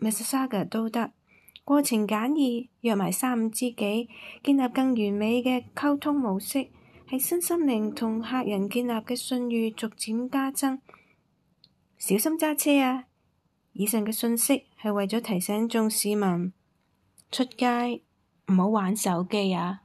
Mississauga 都得，過程簡易，約埋三五知己，建立更完美嘅溝通模式，喺新心靈同客人建立嘅信譽逐漸加增。小心揸車啊！以上嘅信息係為咗提醒眾市民出街唔好玩手機啊！